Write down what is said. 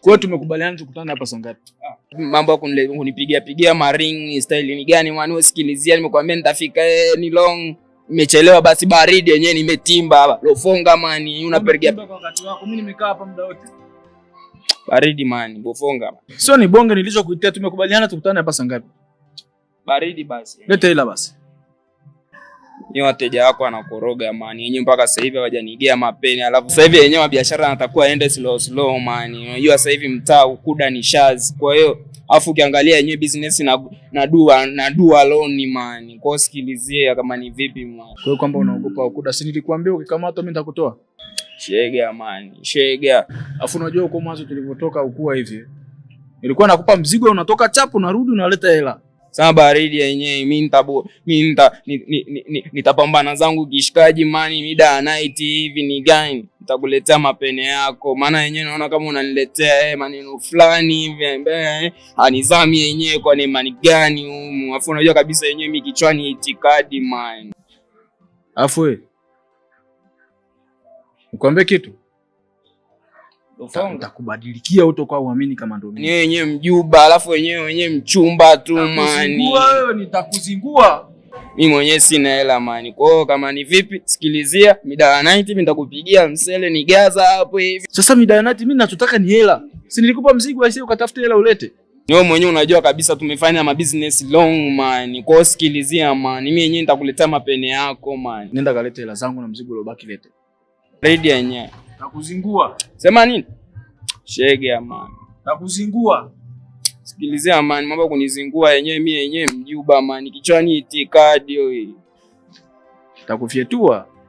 Kwa hiyo tumekubaliana tukutane hapa saa ngapi? Ah. Mambo ya kunipigia pigia maring style ni gani mwana usikilizia, nimekwambia nitafika eh, ni long imechelewa basi, baridi yenyewe nimetimba hapa. Lofonga mani, unapiga kwa wakati wako, mimi nimekaa hapa muda wote. Baridi mani, bofonga. Sio ni bonge nilichokuitia, tumekubaliana tukutane hapa saa ngapi? Baridi basi. Leta hela basi ni wateja wako anakoroga mani, yenyewe mpaka sasa hivi hawajanigea mapeni. Alafu sasa hivi yenyewe biashara anatakuwa aende slow slow mani, unajua sasa hivi mtaa ukuda ni shazi, kwa hiyo afu ukiangalia yenyewe business na na dua na dua loan mani, kwa sikilizie kama ni vipi mani. Kwa hiyo kwamba unaogopa ukuda, si nilikwambia ukikamata mimi nitakutoa shega mani, shega. Afu unajua uko mwanzo tulivotoka ukua hivi, nilikuwa nakupa mzigo, unatoka chapu, narudi unaleta hela sana baridi yenyewe, mi mi nitapambana zangu kishikaji mani, mida night hivi ni gani, nitakuletea mapene yako, maana yenyewe naona kama unaniletea eh, maneno fulani hivi eh, eh anizami yenyewe kwa nemani gani humu, afu unajua kabisa yenyewe mi kichwani itikadi man, afu nikwambie kitu uto kwa uamini kama ndo mimi. Ni wenyewe mjuba, alafu wenyewe wenyewe mchumba tu mani. Wewe nitakuzingua. Mimi mwenyewe sina hela mani. Kwa hiyo kama ni vipi, sikilizia midala night mimi nitakupigia msele ni gaza hapo hivi. Sasa mida ya night mimi ninachotaka ni hela. Si nilikupa mzigo aisee ukatafuta hela ulete. Ni wewe mwenyewe unajua kabisa tumefanya ma business long man. Kwa hiyo sikilizia mani Mimi mwenyewe nitakuletea mapene yako mani Nenda kalete hela zangu na mzigo uliobaki lete. Ready yenyewe. Nakuzingua. Sema nini? Shege amani. Nakuzingua. Sikilizea amani, mambo kunizingua yenyewe mimi yenyewe mjuba amani. Kichwani itikadi hiyo Takufyetua.